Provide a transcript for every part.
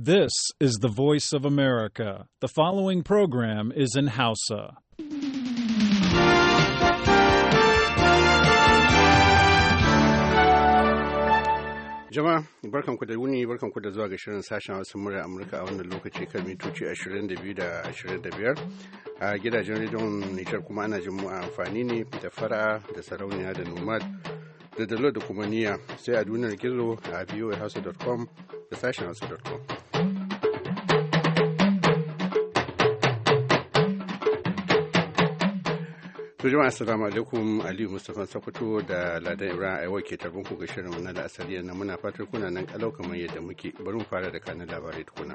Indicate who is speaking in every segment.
Speaker 1: This is the voice of America. The following program is in Hausa.
Speaker 2: Jama'a, barkanku da wuni, barkanku da zuwa ga shirin sashen Hausa murya Amurka a wannan lokaci kan mitoci 22 da 25 a gidajen rediyon Nijar kuma ana jin mu a amfani ne da fara da sarauniya da nomad da dalo da kuma niyya sai a duniyar gizo a voahausa.com da sashen hausa.com. To jama'a assalamu alaikum Aliyu Mustapha Sokoto da Ladan Ibrahim Aiwa ke tarbin ku ga shirin wannan da asali na muna fatar kuna nan kalau kamar yadda muke bari mu fara da kanin labarai tukuna.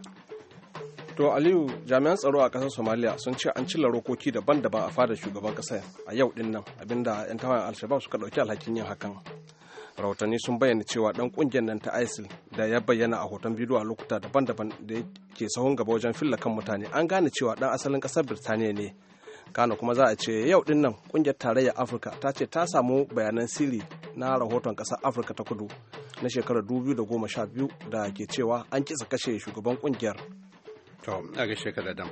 Speaker 3: To Aliyu jami'an tsaro a kasar Somalia sun ce an cilla rokoki daban-daban a fadar shugaban ƙasar a yau din nan abinda 'yan tawayen al suka ɗauki alhakin yin hakan. Rahotanni sun bayyana cewa dan kungiyar nan ta ISIL da ya bayyana a hoton bidiyo a lokuta daban-daban da ke sahun gaba wajen filla kan mutane an gane cewa ɗan asalin ƙasar Birtaniya ne Kano kuma za a ce yau din nan kungiyar tarayyar Afirka ta ce ta samu bayanan sirri na rahoton ƙasar Afirka ta kudu na shekarar 2012 da ke cewa an kisa kashe shugaban kungiyar. To, a gaishe ka da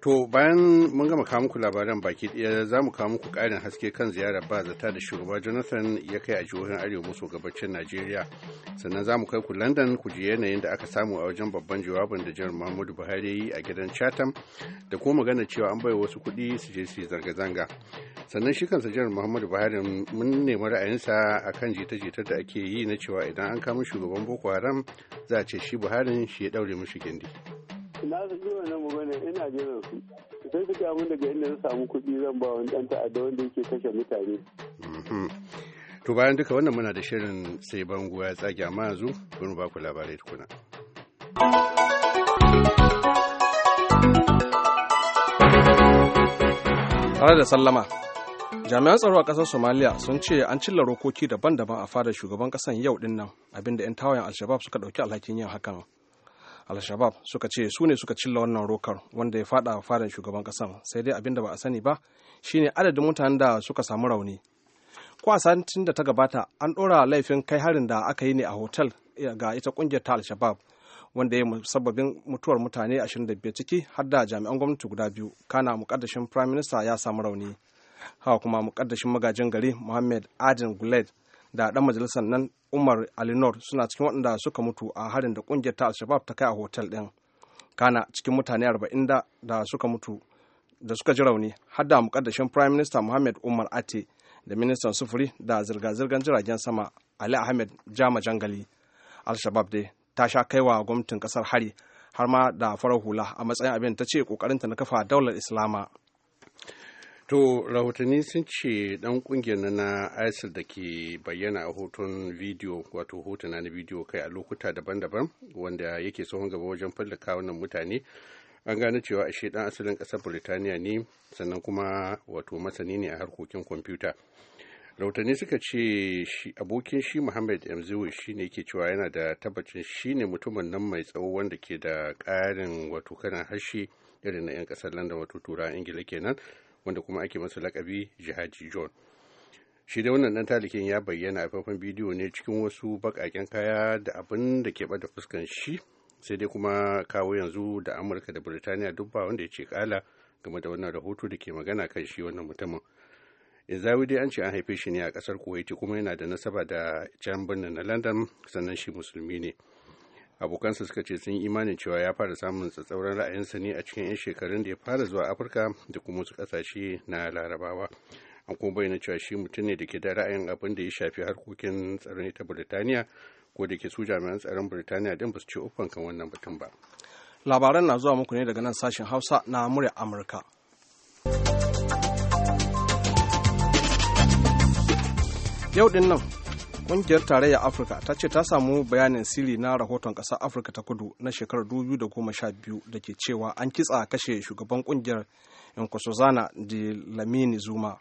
Speaker 2: To, bayan mun gama kawo muku labaran baki ɗaya za mu kawo muku ƙarin haske kan ziyarar ba zata da shugaba Jonathan ya kai a jihohin Arewa maso gabacin Najeriya. Sannan za mu kai ku London ku ji yanayin da aka samu a wajen babban jawabin da Jiran Muhammadu Buhari yi a gidan Chatham da kuma magana cewa an bai wasu kuɗi su je su zanga-zanga. Sannan shi kansa Jiran Muhammadu Buhari mun nemi ra'ayinsa a kan jita-jitar da ake yi na cewa idan an kama shugaban Boko Haram za a ce shi Buharin shi ya ɗaure mishi gindi.
Speaker 4: na su ji wannan magana ina jiran su sai su mun daga inda na samu kuɗi zan ba wani ɗan ta'adda wanda yake kashe
Speaker 2: mutane. Mhm. to bayan duka wannan muna da shirin sai bango ya tsage amma yanzu bari ba ku labarai tukuna.
Speaker 3: tare da sallama jami'an tsaro a ƙasar somaliya sun ce an cilla rokoki daban-daban a fadar shugaban ƙasar yau ɗin nan abinda 'yan tawayen al suka ɗauki alhakin yin hakan al-shabab suka ce su ne suka cilla wannan rokar wanda ya fada fadan shugaban kasan sai dai abin da ba a sani ba shine adadin mutanen da suka samu rauni a satin da ta gabata an ɗora laifin kai harin da aka yi ne a hotel ga ita kungiyar ta al-shabab wanda ya musabbabin mutuwar mutane 25 ciki har da jami'an gwamnati guda biyu kana mukaddashin prime minister ya samu rauni haka kuma mukaddashin magajin gari muhammad adin guled da ɗan majalisar nan umar alinor suna cikin waɗanda suka mutu a harin da ƙungiyar ta al ta kai a hotel ɗin kana cikin mutane arba'in da suka mutu da suka ji rauni har da mukaddashin prime minister muhammad umar ate da ministan sufuri da zirga-zirgar jiragen sama ali ahmed jama jangali al-shabab dai ta sha kaiwa gwamnatin kasar hari har ma da farar hula a matsayin abin ta ce kokarinta na kafa daular islama
Speaker 2: To rahotanni sun ce dan kungiyar na ISIL da ke bayyana a hoton bidiyo wato hotuna na bidiyo kai a lokuta daban-daban wanda yake tsohon gaba wajen fallaka wannan mutane an gane cewa ashe dan asalin kasar Burtaniya ne sannan kuma wato masani ne a harkokin kwamfuta. rahotanni suka ce abokin shi muhammad mzewe shi ne ke cewa yana da tabbacin shi ne mutumin nan mai tsawo wanda ke da karin wato kanan harshe irin na 'yan ƙasar london wato turawa ingila kenan wanda kuma ake masa lakabi jihadi john shi da wannan dan talikin ya bayyana a faifan bidiyo ne cikin wasu bakaken kaya da abin da ke bada fuskan shi sai dai kuma kawo yanzu da amurka da birtaniya duk ba wanda ya ce kala game da wannan rahoto da ke magana kan shi wannan mutumin izawi dai an ce an haife shi ne a kasar kuwaiti kuma yana da nasaba da can birnin na london sannan shi musulmi ne abokansa suka ce sun yi imanin cewa ya fara samun tsatsauran ra'ayinsa ne a cikin 'yan shekarun da ya fara zuwa afirka da kuma wasu ƙasashe na larabawa an kuma bayyana cewa shi mutum ne da ke da ra'ayin abin da ya shafi harkokin tsaron ita birtaniya ko da ke su
Speaker 3: jami'an tsaron birtaniya din ba su ci uffan kan wannan batun ba labaran na zuwa muku ne daga nan sashen hausa na murya amurka yau din nan ƙungiyar tarayyar afirka ta ce ta samu bayanin sirri na rahoton ƙasar afirka ta kudu na shekarar 2012 da ke cewa an kitsa kashe shugaban ƙungiyar nkosazana de lamini zuma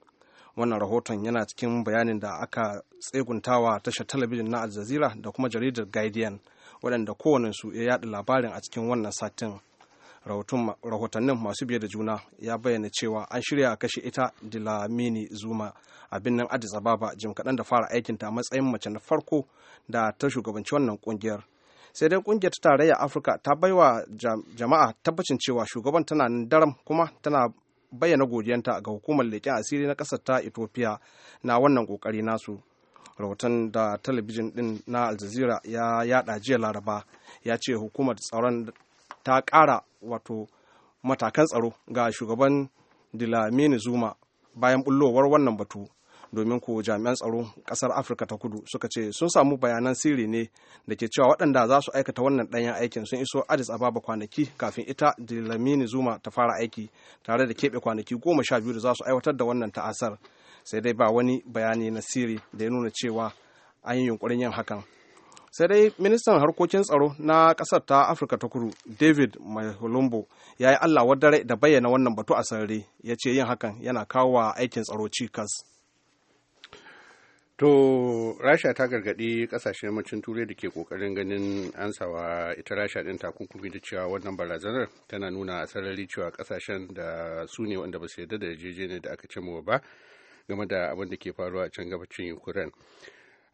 Speaker 3: wannan rahoton yana cikin bayanin da aka tseguntawa tashar talabijin na aljazira da kuma jaridar guardian waɗanda kowane su ya yaɗa labarin a cikin wannan satin rahotannin masu biye da juna ya bayyana cewa an shirya kashe ita dilamini zuma a birnin addis ababa jim kaɗan da fara aikinta a matsayin mace na farko da ta shugabanci wannan ƙungiyar sai dai ƙungiyar ta tarayya afirka ta bai wa jama'a tabbacin cewa shugaban tana nan daram kuma tana bayyana godiyanta ga hukumar leƙen asiri na ƙasar ta ethiopia na wannan ƙoƙari nasu rahoton da talabijin din na aljazeera ya yada jiya laraba ya ce hukumar tsaron ta ƙara wato matakan tsaro ga shugaban Dlamini Zuma bayan bullowar wannan batu domin ko jami'an tsaro kasar Afirka ta kudu suka ce sun samu bayanan sirri ne da ke cewa waɗanda za su aikata wannan ɗanyen aikin sun iso Addis Ababa kwanaki kafin ita Dlamini Zuma ta fara aiki tare da keɓe kwanaki goma sha biyu da za su aiwatar da wannan ta'asar sai dai ba wani bayani na sirri da ya nuna cewa an yi yunƙurin yin hakan sai dai ministan harkokin tsaro na kasar ta afirka ta kudu david maholombo ya yi allah dare da bayyana wannan batu a sarari ya ce yin hakan yana kawo wa aikin tsaro cikas
Speaker 2: to rasha ta gargaɗi kasashe yammacin turai da ke kokarin ganin ansawa ita rasha ɗin takunkumi da cewa wannan barazanar tana nuna a sarari cewa ƙasashen da su ne wanda ba su yarda da yarjejeniyar da aka cimowa ba game da abin da ke faruwa a can gabacin ukraine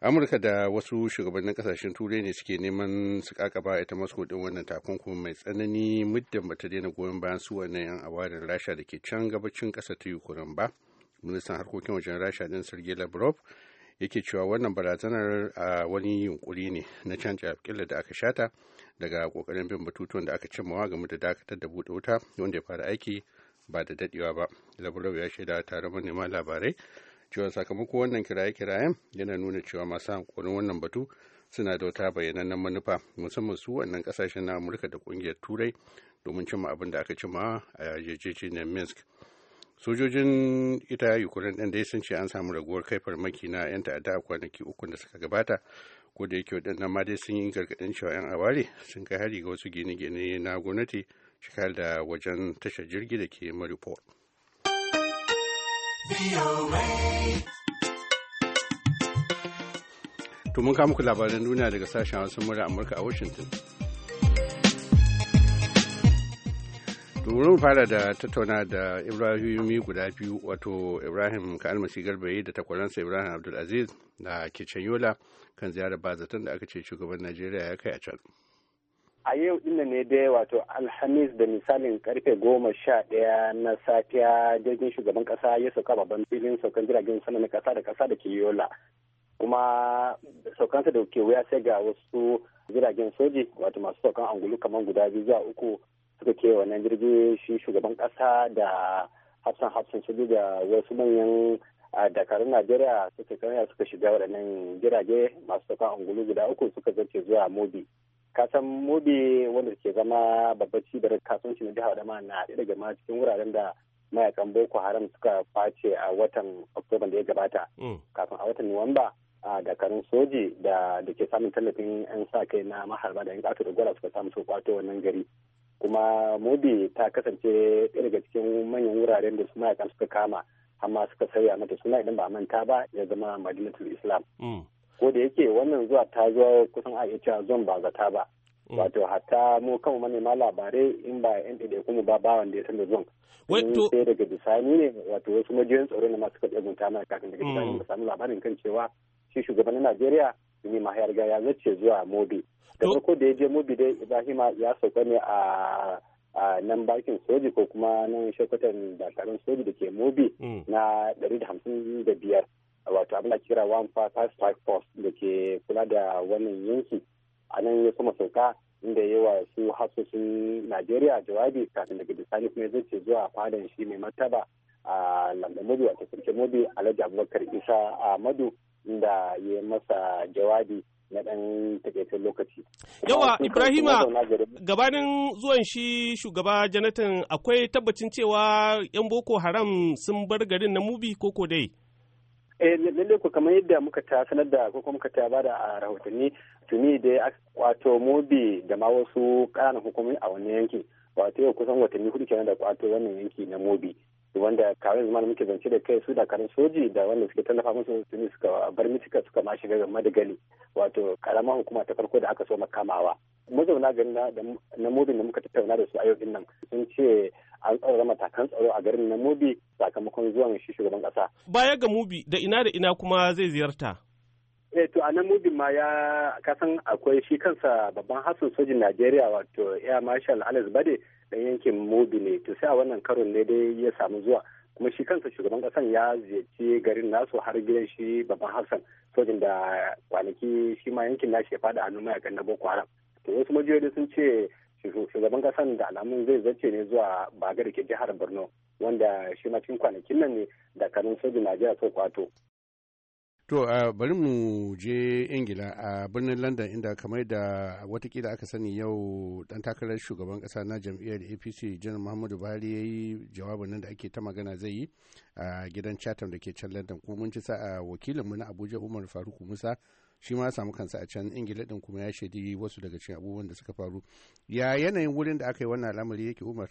Speaker 2: amurka da wasu shugabannin kasashen turai ne suke neman su kakaba ita masko din wannan takunkumi mai tsanani muddin bata daina goyon bayan su wannan yan awarin rasha da ke can gabacin kasa ta ukraine ba ministan harkokin wajen rasha din sergei lavrov yake cewa wannan barazanar a wani yunkuri ne na canja kila da aka shata daga kokarin bin batutuwan da aka cimmawa game da dakatar da buɗe wuta wanda ya fara aiki ba da dadewa ba lavrov ya shaida taron manema labarai cewa sakamakon wannan kiraye-kirayen yana nuna cewa masu hankorin wannan batu suna da wata bayyanannen manufa musamman su wannan kasashen na amurka da kungiyar turai domin cimma abin da aka cima a yarjejeniyar minsk sojojin ita ukraine ɗan dai sun ce an samu raguwar kai farmaki na 'yan ta'adda a kwanaki uku da suka gabata ko da yake waɗannan ma dai sun yi gargaɗin cewa 'yan aware sun kai hari ga wasu gine-gine na gwamnati shigar da wajen tashar jirgi da ke maripol To mun kawo muku labaran duniya daga sashen Hausa murya Amurka a Washington. wurin fara da tattauna da ibrahimi guda biyu wato ibrahim kalmasi garbaye da takwaransa ibrahim abdulaziz na kicin yola kan ziyarar bazatan da aka ce shugaban najeriya ya kai a can
Speaker 5: a yau din ne dai wato alhamis da misalin karfe goma sha ɗaya na safiya jirgin shugaban kasa ya sauka babban filin saukan jiragen sama na kasa da kasa da ke yola kuma saukansa da ke wuya sai ga wasu jiragen soji wato masu saukan angulu kamar guda biyu zuwa uku suka ke wannan jirgi shi shugaban kasa da hafsan hafsan soji da wasu manyan dakarun najeriya suka suka shiga waɗannan jirage masu saukan angulu guda uku suka zarce zuwa mobi kasan mobe wanda ke zama babbar cibiyar kasuwanci na jihar adama na ɗaya daga cikin wuraren da mayakan boko haram suka face a watan oktoba da ya gabata mm. kafin a watan nuwamba a dakarun soji da da ke samun tallafin yan sa kai na maharba da yan ƙato da gwara suka samu su kwato wannan gari kuma mobi ta kasance ɗaya daga cikin manyan wuraren da su mayakan suka kama amma suka sauya mata suna idan ba manta ba ya zama madinatul islam mm. ko da yake wannan zuwa ta zo kusan a iya cewa zon ba zata ba mm. wato hatta mu kan manema labarai in ba yan ɗaiɗaiku mu ba bawan da ya san da zon sai daga bisani ne wato wasu majiyoyin tsaro ne masu kaɗe gunta na kafin daga bisani ba mm. samu labarin kan cewa shi shugabannin najeriya ne ma ya riga ya zace zuwa mobi da farko da ya je mobi dai ibrahima ya sauka ne a a nan bakin soji ko kuma nan shekwatan dakarun soji da ke mobi mm. na ɗari da da hamsin biyar. wato abin da kira one five strike force da ke kula da wannan yanki a nan ya kuma sauka inda wa su hasoshin najeriya jawabi kafin daga bisani kuma ya ce zuwa fadan shi mai martaba a mobi wato sarki mobi alhaji abubakar isa madu inda ya masa jawabi na dan takaitar lokaci.
Speaker 6: Yawa Ibrahima gabanin zuwan shi shugaba Jonathan akwai tabbacin cewa 'yan Boko Haram sun bar garin na Mubi koko dai?
Speaker 5: eh lalle ku kamar yadda muka ta sanar da ko muka ta bada a rahotanni tuni da ya kwato mobi da ma wasu ƙananan hukumomi a wani yanki wato yau kusan watanni hudu kenan da kwato wannan yanki na mobi wanda kawai zama da muke zance da kai su da karin soji da wanda suke tallafa musu tuni suka bar mitika suka ma shiga da madagali wato karamar hukuma ta farko da aka so makamawa mazauna garin na mobin da muka tattauna da su a yau din nan sun ce an tsara matakan tsaro a garin na mubi sakamakon zuwan shi shugaban kasa
Speaker 6: baya ga mubi da ina da ina kuma zai ziyarta eh to a nan mubi ma ya kasan akwai shi
Speaker 5: kansa babban hasin sojin najeriya wato air marshal alex bade dan yankin mubi ne to sai a wannan karon ne dai ya samu zuwa kuma shi kansa shugaban kasan ya ziyarci garin nasu har gidan shi babban hassan sojin da kwanaki shi ma yankin nashi ya fada a hannun ya na boko haram to wasu majiyoyi sun ce shugaban kasan da alamun zai zace ne zuwa baga da ke jihar borno wanda shi ma cikin kwanakin nan ne da kanun sojin najeriya so kwato
Speaker 2: To a bari mu je Ingila a birnin London inda kamar da watakila aka sani yau dan takarar shugaban kasa na jam'iyyar APC Janar Muhammadu Buhari ya yi jawabin nan da ake ta magana zai yi a gidan Chatham da ke can London kuma mun ci sa a wakilinmu na Abuja Umar Faruk Musa shi ma samu kansa a can ingila din kuma ya shaidi wasu daga cikin abubuwan da suka faru ya yanayin wurin da aka yi wannan al'amari yake umar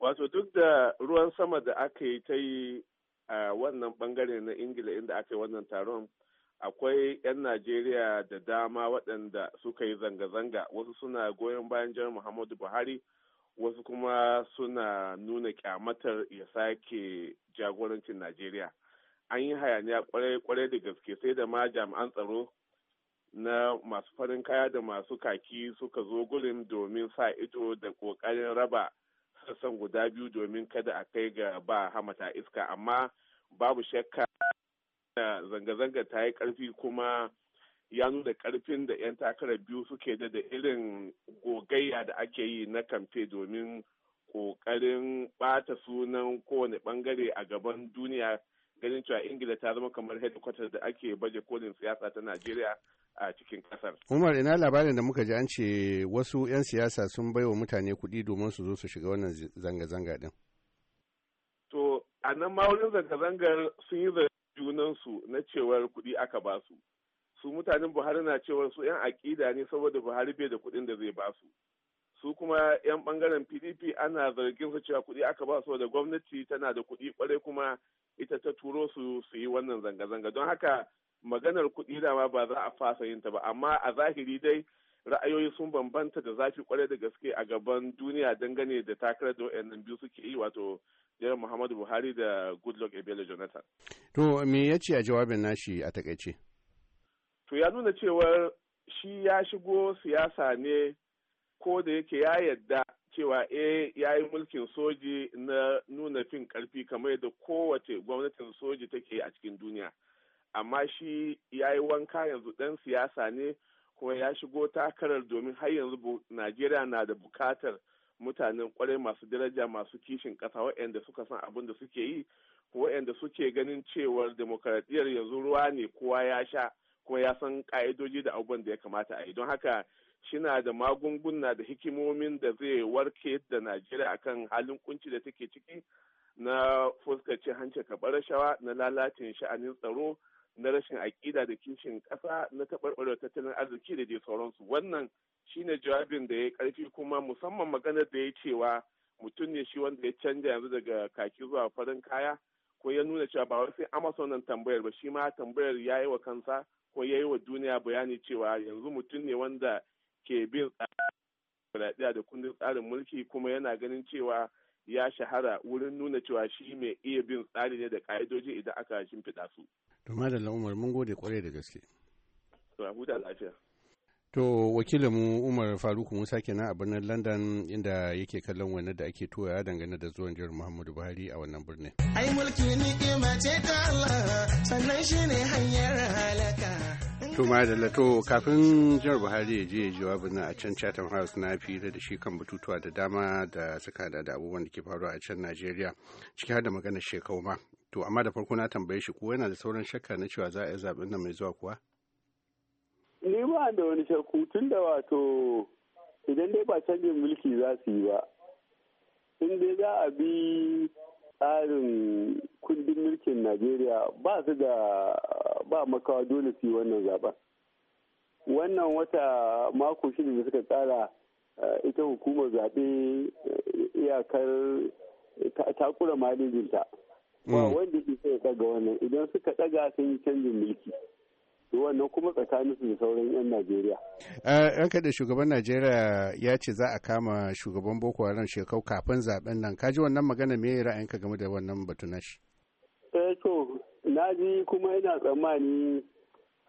Speaker 7: wato duk da ruwan sama da aka yi ta yi a wannan bangare na ingila inda aka yi wannan taron akwai 'yan najeriya da dama waɗanda suka yi zanga-zanga wasu suna goyon bayan jan muhammadu buhari wasu kuma suna nuna kyamatar ya sake jagorancin najeriya an yi hayaniya kwarai-kwarai da gaske sai da ma jami'an tsaro na masu farin kaya da masu kaki suka zo gurin domin sa ido da ƙoƙarin raba sassan guda biyu domin kada a kai ga ba hamata iska amma babu shakka da zanga-zanga ta yi karfi kuma ya nuna ƙarfin da 'yan takarar biyu suke da da irin gogayya da ake yi na kamfe domin ƙoƙarin ɓata sunan kowane bangare a gaban duniya ganin cewa ingila ta zama kamar headquarters da ake baje kolin siyasa ta najeriya a cikin kasar.
Speaker 2: Umar ina labarin da muka ji an ce wasu 'yan siyasa sun bai wa mutane kuɗi domin su zo su shiga wannan zanga-zanga din.
Speaker 7: To a nan ma wurin zanga-zangar sun yi da junansu na cewar kuɗi aka ba su. Su mutanen Buhari na cewar su 'yan aƙida ne saboda Buhari bai da kuɗin da zai ba su. Su kuma 'yan ɓangaren PDP ana zargin su cewa kuɗi aka ba su da gwamnati tana da kuɗi kwarai kuma ita ta turo su su yi wannan zanga-zanga don haka maganar kuɗi dama ba za a fasa yin ta ba amma a zahiri dai ra'ayoyi sun bambanta da zafi kwarai da gaske a gaban duniya dangane da takarar da wa'annan biyu suke yi wato jiran muhammadu buhari da goodluck ebele jonathan
Speaker 2: to me ya ce a jawabin nashi a takaice
Speaker 7: to ya nuna cewar shi ya shigo siyasa ne ko da yake ya yadda cewa eh ya yi mulkin soji na nuna fin karfi kamar yadda kowace gwamnatin soji take yi a cikin duniya amma shi ya yi wanka yanzu ɗan siyasa ne kuma ya shigo takarar domin har yanzu najeriya na da bukatar mutanen kwarai masu daraja masu kishin ƙasa waɗanda suka san abin da suke yi waɗanda suke ganin cewar demokaradiyyar yanzu ruwa ne kowa ya sha kuma ya san ƙa'idoji da abubuwan da ya kamata a yi don haka shi na da magunguna da hikimomin da zai warke da najeriya akan halin kunci da take ciki na fuskaci hanci karɓar rashawa na lalacin sha'anin tsaro na rashin aƙida da kishin ƙasa na taɓarɓarewar tattalin arziki da dai sauransu wannan shine jawabin da ya ƙarfi kuma musamman maganar da ya cewa mutum ne shi wanda ya canja yanzu daga kaki zuwa farin kaya ko ya nuna cewa ba wai sai amazon nan tambayar ba shi ma tambayar ya yi wa kansa ko ya yi wa duniya bayani cewa yanzu mutum ne wanda ke bin tsari da kundin tsarin mulki kuma yana ganin cewa ya shahara wurin nuna cewa shi mai iya bin tsari ne da ka'idoji idan aka shimfiɗa su.
Speaker 2: To madalla Umar mun gode kwarai da gaske.
Speaker 7: To a huta lafiya.
Speaker 2: To wakilinmu Umar Faruk Musa kenan a birnin London inda yake kallon wannan da ake toya dangane da zuwan jihar Muhammadu Buhari a wannan birnin.
Speaker 1: Ai mulki ni ce ta Allah sannan shine hanyar halaka.
Speaker 2: to ma da lato kafin jihar buhari ya je ya jawabin a can chatham house na fira da shi kan batutuwa da dama da suka da da abubuwan da ke faruwa a can najeriya ciki har da maganar shekau ma to amma da farko na tambaye shi ko yana da sauran shakka na cewa za a yi zaɓen nan mai zuwa kuwa
Speaker 4: ni ba da wani shakku tun da wato idan dai ba canjin mulki za su yi ba in dai za a bi tsarin kundin mulkin najeriya ba su da ba makawa dole su yi wannan zaben wannan wata mako shida da suka tsara eh, ita hukumar zaɓe eh, iyakar takura malijinta. Mm. wanda ke sai ɗaga wannan idan suka ɗaga sun yi canjin mulki wannan kuma tsakanin su da sauran 'yan najeriya
Speaker 2: yan eh, da shugaban najeriya ya ce za a kama shugaban boko haram shekau kafin zaben nan kaji wannan magana me ra'ayinka game da wannan batu na shi
Speaker 4: eh to na ji kuma yana tsammani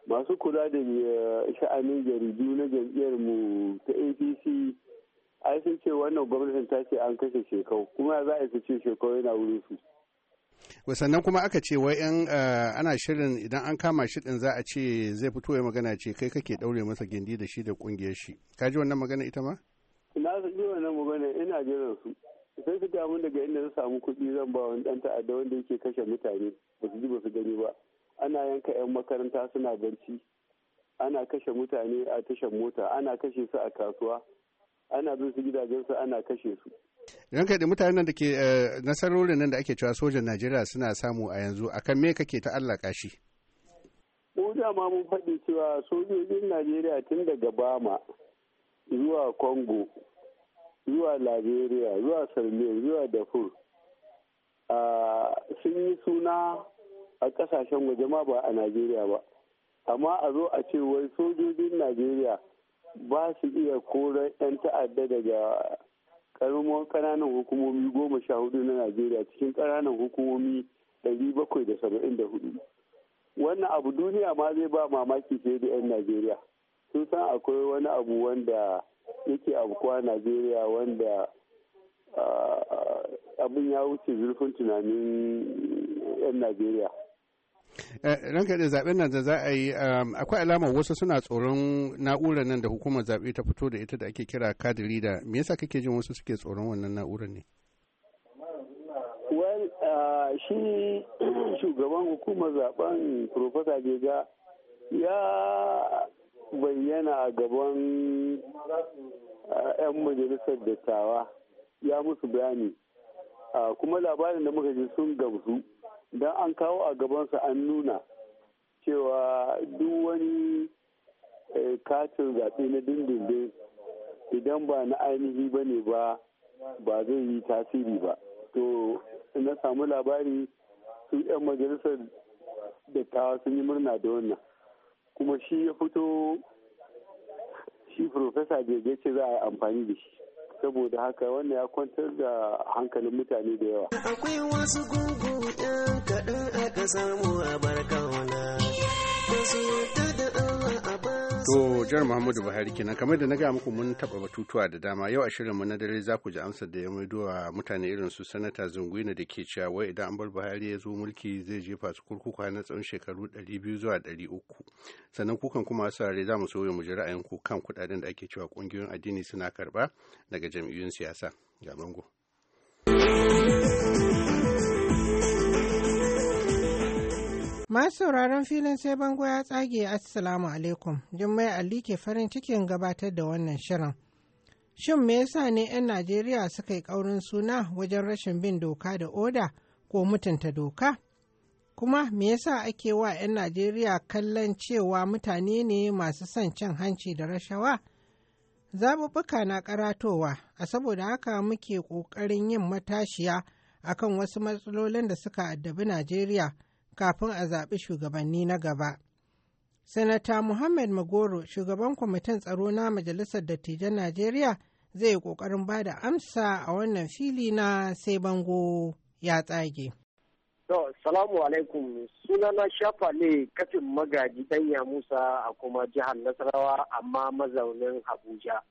Speaker 4: masu kula da eh, sha'anin jaridu na jam'iyyar mu ta apc ai sun ce wannan gwamnatin ta ce an kashe shekau kuma za a ce shekau yana wurin su
Speaker 2: wa sannan kuma aka ce wai yan eh, ana shirin idan an kama shi din za a ce zai fito ya magana ce kai kake daure masa gindi da shi da kungiyar shi ka ji wannan magana ita ma
Speaker 4: na ji wannan magana ina jiran su sai su damu daga inda su samu kuɗi zan ba wani ɗan ta'adda wanda yake kashe mutane ba su ji ba su gani ba ana yanka 'yan makaranta suna barci ana kashe mutane a tashar mota ana kashe su a kasuwa ana bin su gidajensu ana kashe su
Speaker 2: idan ka mutanen da ke eh, nasarorin nan da ake cewa sojan najeriya suna samu a yanzu akan me kake ta allaka shi
Speaker 4: mu ma mun faɗi cewa sojojin najeriya tun daga bama zuwa congo zuwa liberia zuwa sarmiya zuwa dafur sun yi suna a ƙasashen waje ma ba a najeriya ba amma a zo a ce wai sojojin najeriya ba su iya koran 'yan ta'adda daga karamar kananan hukumomi goma sha hudu na najeriya cikin kananan hukumomi ɗari bakwai da saba'in da hudu wannan abu duniya ma zai ba mamaki fiye da 'yan najeriya sun san akwai wani abu wanda yake abukuwa najeriya wanda ah, abin ya wuce zurfin tunanin 'yan najeriya
Speaker 8: Eh,
Speaker 2: ranka da zaben nan da za a yi um, akwai alamar wasu suna tsoron na'urar nan da hukumar zaɓe ta fito da ita da ake kira kadiri da me yasa kake jin wasu suke tsoron wannan na'urar ne
Speaker 4: well uh, shi shugaban hukumar zaben professor Jega ya bayyana a gaban uh, 'yan majalisar dattawa ya musu bayani uh, kuma labarin da muka ji sun gamsu don an kawo a gabansa an nuna cewa duk wani eh, katin zaɓe na dindindin idan ba na ainihi ba ne ba ba zai yi tasiri ba to na samu labari su 'yan majalisar dattawa sun yi murna da wannan kuma shi ya fito shi profesa bai ce za a yi amfani da shi saboda haka wannan ya kwantar da hankalin mutane
Speaker 6: da yawa akwai wasu gugu eh, kaɗan aka
Speaker 2: To jar Muhammadu Buhari kenan kamar da na gaya muku mun taɓa batutuwa da dama yau a shirin mu na dare za ku ji amsar da ya maido wa mutane irin su sanata zunguina da ke cewa wai idan an bar Buhari ya zo mulki zai jefa su kurkuku na tsawon shekaru 200 zuwa 300 sannan kukan kuma sarare za mu so mu ji ra'ayinku kan kuɗaɗen da ake cewa ƙungiyoyin addini suna karɓa daga jam'iyyun siyasa ga bango.
Speaker 1: Masu sauraron filin sai bango ya tsage Assalamu alaikum, Jummai Ali ke farin cikin gabatar da wannan shirin. Shin me yasa ne 'yan Najeriya suka yi ƙaurin suna wajen rashin bin doka da oda ko mutunta doka? Kuma me yasa ake wa 'yan Najeriya kallon cewa mutane ne masu son cin hanci da rashawa? Zaɓuɓɓuka na karatowa, a saboda haka muke ƙoƙarin yin matashiya akan wasu matsalolin da suka addabi Najeriya. kafin a zaɓi shugabanni na gaba. Sanata Muhammad Magoro, shugaban kwamitin tsaro na Majalisar Dattijan Najeriya, zai yi ƙoƙarin ba da amsa a wannan fili na sai bango ya tsage.
Speaker 9: To, salamu alaikum, suna na shafa ne kafin magaji ɗanya Musa a kuma jihar Nasarawa amma mazaunin Abuja.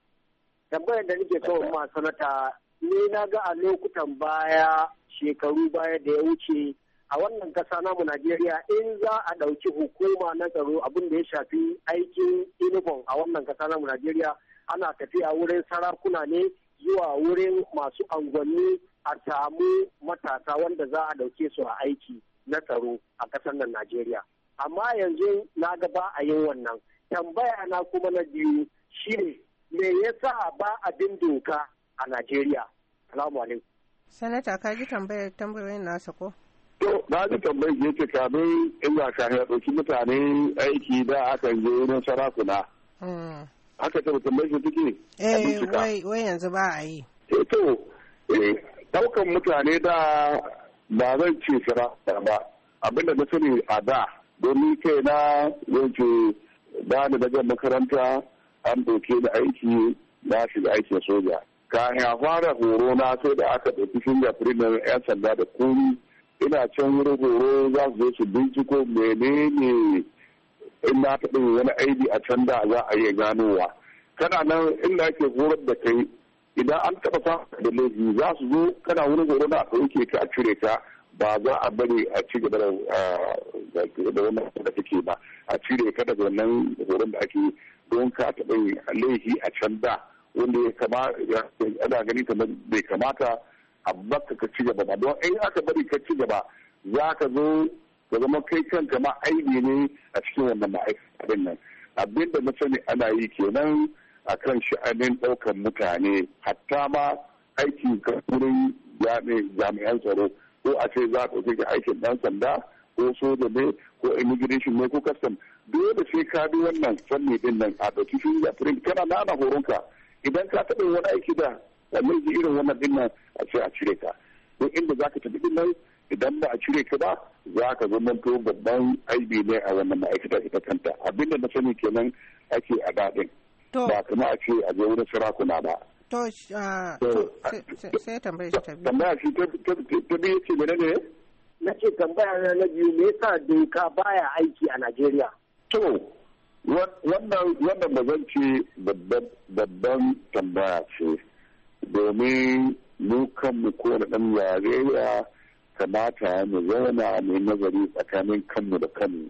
Speaker 9: Tambayar da nake kawai ma sanata, ne na ga a lokutan baya shekaru baya da ya wuce a wannan ƙasa namu Najeriya in za a ɗauki hukuma na tsaro abin da ya shafi aikin inubon a wannan ƙasa namu Najeriya ana tafiya wurin sarakuna ne zuwa wurin masu angwanni a samu matasa wanda za a ɗauke su a aiki na tsaro a ƙasar nan Najeriya. Amma yanzu na ga ba a yin wannan. Tambaya na kuma na biyu shine me yasa ba a bin doka a Najeriya? Salamu alaikum.
Speaker 1: Sanata ka ji tambayar tambayoyin nasa ko?
Speaker 8: To, na ji tambayi ke ce kamin illa kan ya ɗauki mutane aiki da aka je wurin sarakuna. Haka hmm. ta tambayi shi take? Eh,
Speaker 1: wai yanzu ba a yi.
Speaker 8: Eh, to, eh, ɗaukan mutane da ba zan ce sarakuna ba. Abinda na sani a da, domin kai na zan ce ba ni daga makaranta an ɗauke da aiki na shiga aikin soja. Kayan fara horo na sai da aka ɗauki fingerprint na 'yan sanda da komi ina can wuri goro za su zo su binciko menene in na taɓa wani aibi a can da za a iya ganowa kana nan inda ake horar da kai idan an taɓa sa da laifi za su zo kana wani goro na a ka a cire ka ba za a bari a ci gaba da wannan da take ba a cire ka daga wannan horon da ake don ka taɓa laifi a can da wanda ya ana gani kamar bai kamata amma ka ci gaba ba don in aka bari ka ci gaba za ka zo ka zama kai kan kama aini ne a cikin wannan ma'aikatan nan abin da na sani ana yi kenan a kan sha'anin ɗaukar mutane hatta ma aiki ka wurin jami'an tsaro ko a ce za ka ɗauke aikin ɗan sanda ko soja ne ko immigration ne ko custom dole sai ka bi wannan fanni din nan a ɗauki shi da print kana na horonka idan ka taɓa wani aiki da wannan ji irin wannan din nan a ce a cire ka don inda za ka tafi din nan idan ba a cire ka ba za ka zama to babban aibi ne a wannan ma'aikata ita kanta abinda na sani kenan ake a daɗin ba kuma a ce a zo wurin sarakuna ba
Speaker 1: to uh, sai tambayar shi ta biyu tambaya shi
Speaker 8: ta biyu ce mene ne
Speaker 9: na
Speaker 1: ce tambaya na na
Speaker 9: biyu me yasa doka baya aiki a
Speaker 8: Najeriya to wannan wannan bazan ce babban tambaya ce domin mu kanmu na ɗan yare kamata mu zauna mai nazari tsakanin kanmu da kanmu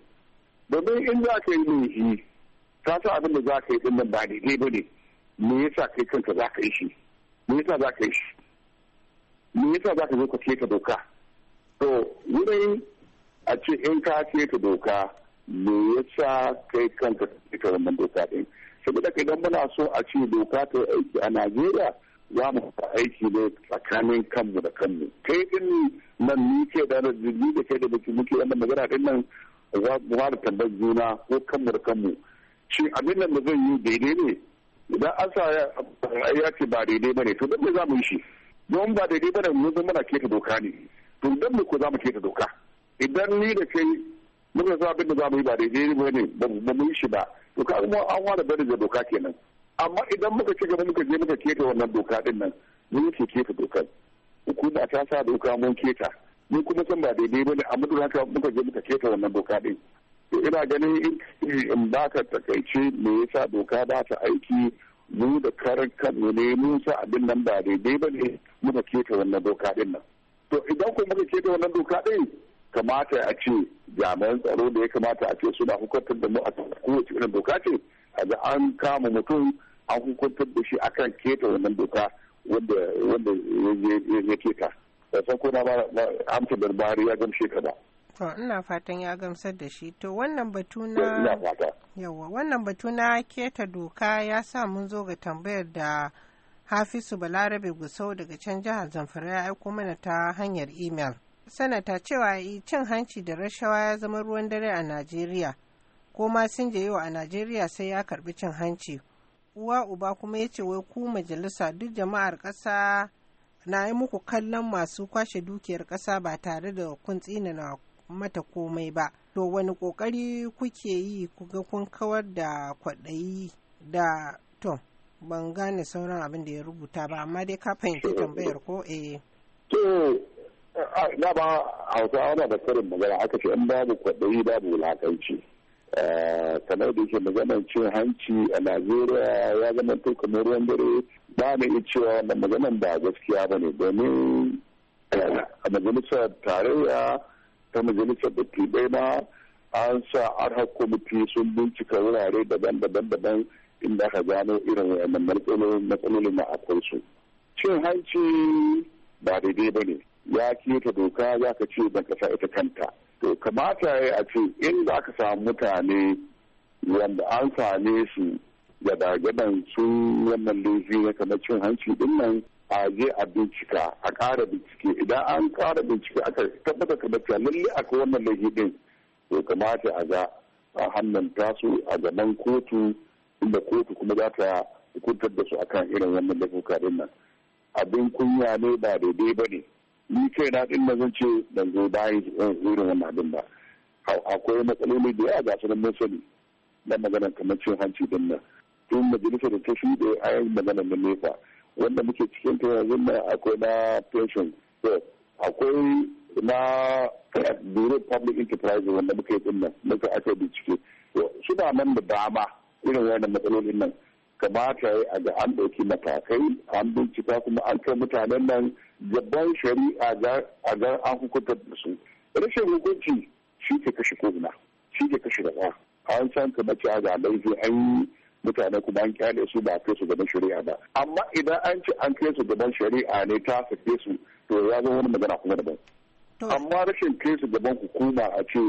Speaker 8: domin in za ka yi laifi ka san abin da za ka yi din nan ba daidai ba ne me yasa kai kanka za ka yi shi me yasa za ka yi shi me yasa za ka zo ka keta doka to wurin a ce in ka keta doka me yasa kai kanka keta wannan doka din saboda idan muna so a ce doka ta aiki a Najeriya za mu aiki ne tsakanin kanmu da kanmu kai din nan ni ke da ni da kai da baki muke wannan magana din nan za da fara tambar juna ko kanmu da kanmu shi abin nan da zai yi daidai ne idan an sa ya ce ba daidai ba ne to dan za mu yi shi don ba daidai ba ne mu zama mana keta doka ne to dan mu ko za mu keta doka idan ni da kai muka sa abin da za mu yi ba daidai ba ne ba mu yi shi ba to ka kuma an wada bari da doka kenan amma idan muka ci gaba muka je muka keta wannan doka din nan mu yake keta dokar hukuma ta sa doka mun keta ni kuma san ba daidai bane amma duk haka muka je muka keta wannan doka din to ina ganin in baka takaice me yasa doka ba ta aiki mu da karan kanmu ne mun sa abin nan ba daidai bane muka keta wannan doka din nan to idan ku muka keta wannan doka din kamata a ce jami'an tsaro da ya kamata a ce suna hukuntar da mu a kowace irin doka ce a an kama mutum an hukuntar da shi akan keta wannan doka wanda wanda ya keta da san ko na amsa barbari ya gamshe ka ba
Speaker 1: to ina fatan ya gamsar da shi to wannan batu na yawa wannan batu na keta doka ya sa mun zo ga tambayar da hafisu balarabe gusau daga can jihar zamfara ya aiko mana ta hanyar imel sanata cewa eh, cin hanci da rashawa ya zama ruwan dare a najeriya ko ma sun je yau a najeriya sai ya karbi cin hanci uwa uba kuma ya ce wai ku majalisa duk jama'ar ƙasa na yi muku kallon masu kwashe dukiyar ƙasa ba tare da kun na mata komai ba to wani kokari kuke yi ga kun kawar da kwaɗayi da to ban gane sauran abin da ya rubuta ba amma dai ka fahimci tambayar ko eh
Speaker 8: na ba hausawa wata da karin magana aka ce in babu kwaɗayi babu wulakanci Eh, kamar da yake maganar cin hanci a najeriya ya zama to kamar ruwan dare ba na iya cewa wannan maganar ba gaskiya ba ne domin eh, a majalisar tarayya ta majalisar dattijai ma an sa arha kwamiti sun bincika wurare daban-daban daban inda aka gano irin wannan matsalolin na akwai su cin hanci ba daidai ba ne ya keta doka za ka ce ban kasa ita kanta to kamata ya a ce za zaka samu mutane wanda an same su dagadan su wannan laifi na kamar cin hanci din nan a je a bincika a kara bincike idan an kara bincike aka tabbata kamar cewa lalle aka wannan laifi din to kamata a ga a hannun tasu a gaban kotu inda kotu kuma za ta hukuntar da su akan irin wannan laifuka din nan abin kunya ne ba daidai ba ne ni kai na din ba zan ce ban zo bayan irin wannan abin ba akwai matsaloli da yawa ga sanin mun sani na magana kamar cin hanci din nan tun majalisar da ta shuɗe a yin magana na nefa wanda muke cikin ta yanzu nan akwai na pension akwai na bureau public enterprise wanda muke din nan muka aka bincike suna nan da dama irin wannan matsalolin nan kamata a ga an ɗauki matakai an bincika kuma an kai mutanen nan gaban shari'a ga an hukuntar da su rashin hukunci shi ke kashe kogina shi ke kashe gaba an san ka mace ga laifi an yi mutane kuma an kyale su ba kai su gaban shari'a ba amma idan an ce an kai su gaban shari'a ne ta sake su to ya zama wani magana kuma daban amma rashin kai su gaban hukuma a ce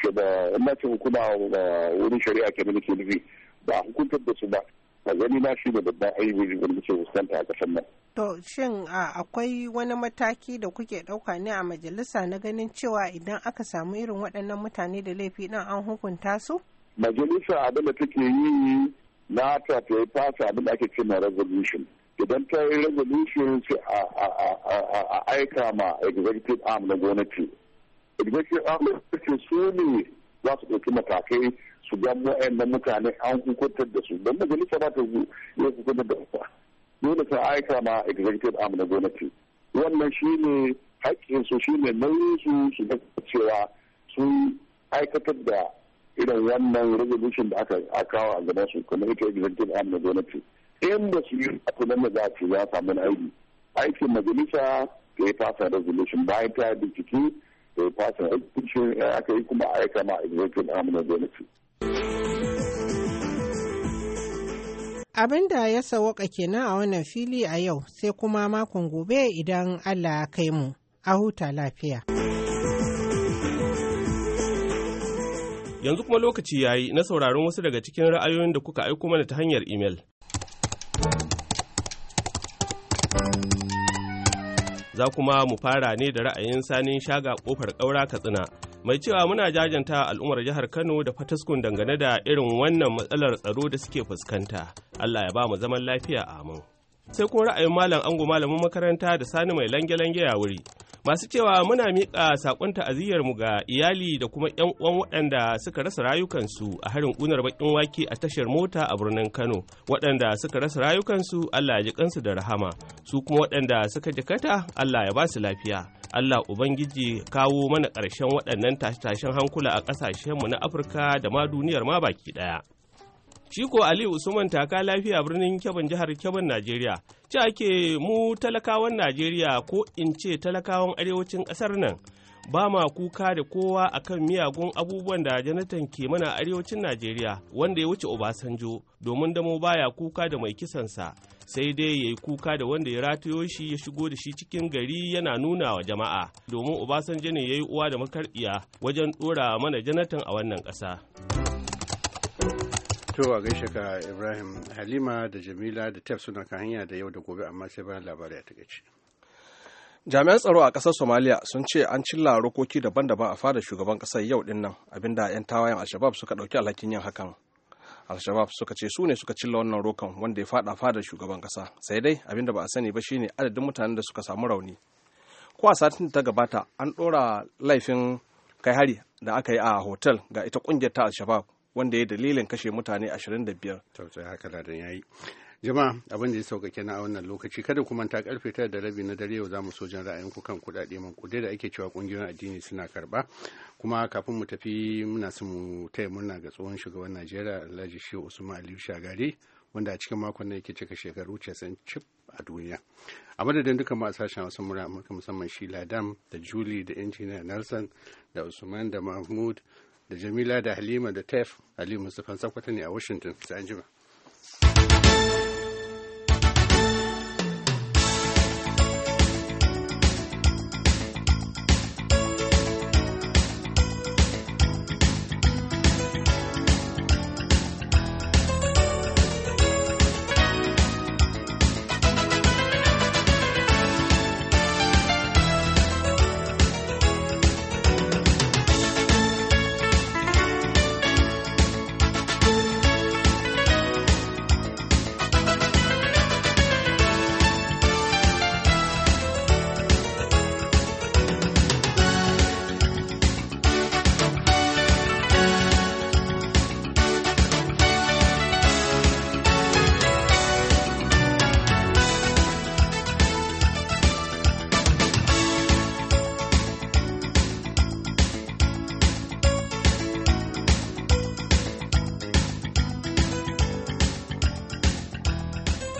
Speaker 8: shi ba in hukuma eh, wurin shari'a ke nufi ba hukuntar da su ba a gani ba shi da babban aibi da muke fuskanta a kasan nan.
Speaker 1: To shin akwai wani mataki da kuke ɗauka ne a majalisa na ganin cewa idan aka samu irin waɗannan mutane da laifi ɗin an hukunta su?
Speaker 8: Majalisa abin da take yi na ta ta yi fata abin da ake ce na resolution. Idan ta yi resolution sai a aika ma executive arm na gwamnati. Executive arm na gwamnati su ne za su ɗauki matakai su ga da mutane an hukuntar da su don majalisa ba ta ya hukuntar da su dole sun aika ma executive arm na gwamnati wannan shi haƙƙin su shi ne su su ga cewa sun aikatar da irin wannan resolution da aka kawo a gaban su kuma ita executive arm na gwamnati in ba su yi a kuma da za su ya samu aiki aikin majalisa ta yi fasa resolution bayan ta bincike da yi fasa aikin aka yi kuma aika ma executive arm na
Speaker 1: gwamnati Abin da ya sawaka kenan a wannan fili a yau sai kuma makon gobe idan Allah ya kai mu. A huta lafiya.
Speaker 6: Yanzu kuma lokaci ya yi na sauraron wasu daga cikin ra'ayoyin da kuka aiko mana ta hanyar imel. Za kuma mu fara ne da ra'ayin sanin shaga kofar ƙaura katsina. mai cewa muna jajanta al'ummar jihar Kano da fataskun dangane da irin wannan matsalar tsaro da suke fuskanta. Allah ya ba mu zaman lafiya amin. Sai kuma ra'ayin malam ango malamin makaranta da sani mai lange-lange ya wuri. Masu cewa muna miƙa saƙon ta'aziyyar mu ga iyali da kuma 'yan uwan waɗanda suka rasa rayukansu a harin ƙunar baƙin wake a tashar mota a birnin Kano. Waɗanda suka rasa rayukansu Allah ya ji kansu da rahama. Su kuma waɗanda suka jikata Allah ya ba su lafiya. Allah Ubangiji kawo mana ƙarshen waɗannan tashe-tashen hankula a ƙasashenmu na Afirka da ma duniyar ma baki ɗaya. Shiko Aliyu, Ali Usman taka lafiya birnin Kebon jihar Kebon Najeriya, ci ake mu talakawan Najeriya ko in ce talakawan arewacin ƙasar nan ba ma kuka da kowa akan miyagun abubuwan da janatan ke mana arewacin Najeriya wanda ya wuce Obasanjo domin damo baya kuka da mai kisansa. sai dai ya yi kuka da wanda ya ratayo shi ya shigo da shi cikin gari yana nuna wa jama'a domin obasanjo ne ya yi uwa da makarɗiya wajen ɗora mana janatan a wannan ƙasa.
Speaker 2: To a gaishe ka Ibrahim Halima da Jamila da Tef suna kan hanya da yau da gobe amma sai bayan labarai a takaice.
Speaker 3: Jami'an tsaro a ƙasar Somaliya sun ce an cilla rokoki daban-daban a fadar shugaban ƙasar yau din nan abinda 'yan tawayen Alshabab suka ɗauki alhakin yin hakan. al-shabab suka ce su ne suka cilla wannan rokan wanda ya fada fadar shugaban kasa sai dai abin da ba a sani ba shine adadin mutanen da suka samu rauni ko a satin da ta gabata an ɗora laifin kai hari da aka yi a hotel ga ita kungiyar ta al-shabab wanda ya dalilin kashe mutane 25 haka da yayi jama'a
Speaker 2: abin da ya sauka kenan a wannan lokaci kada kuma ta karfe da rabi na dare yau za mu so jin ra'ayinku kan kuɗaɗe man kuɗe da ake cewa ƙungiyoyin addini suna karɓa kuma kafin mu tafi muna su mu taya murna ga tsohon shugaban Najeriya Alhaji Shehu Usman Aliyu Shagari wanda a cikin makon nan yake cika shekaru casan cif a duniya a madadin duka ma sashen wasu mura amurka musamman shi ladam da julie da injiniya nelson da usman da mahmud da jamila da halima da tef ali mustapha sakwata ne a washington sai an jima